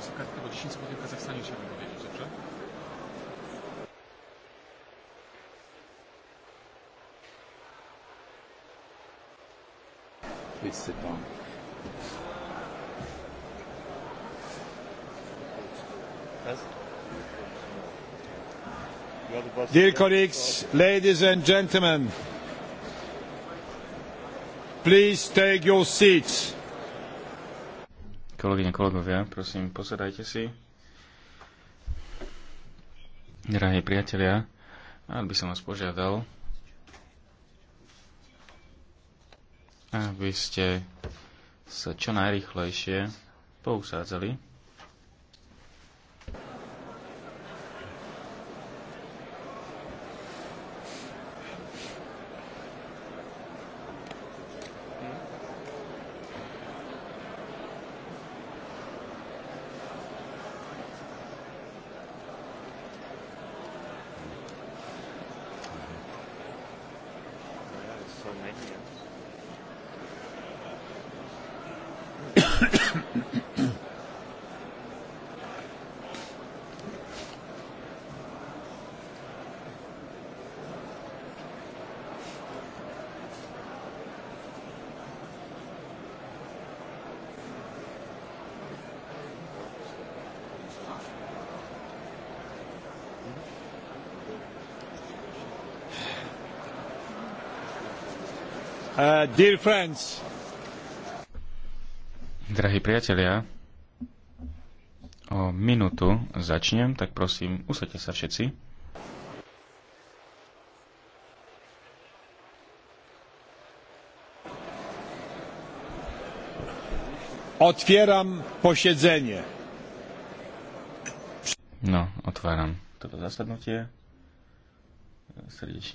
wysoka karty tylko 10 sekund w Kazachstanie chciałbym powiedzieć, dobrze? Please sit down. Dear colleagues, ladies and gentlemen, please take your seats. Kolegyne, kolegovia, prosím, posadajte si. Drahí priatelia, rád by som vás požiadal, aby ste sa čo najrychlejšie pousádzali. son media. Mm-hmm. Uh, Drahí priatelia, o minútu začnem, tak prosím, usadte sa všetci. Otvieram posiedzenie. No, otváram toto zasadnutie. Srdečne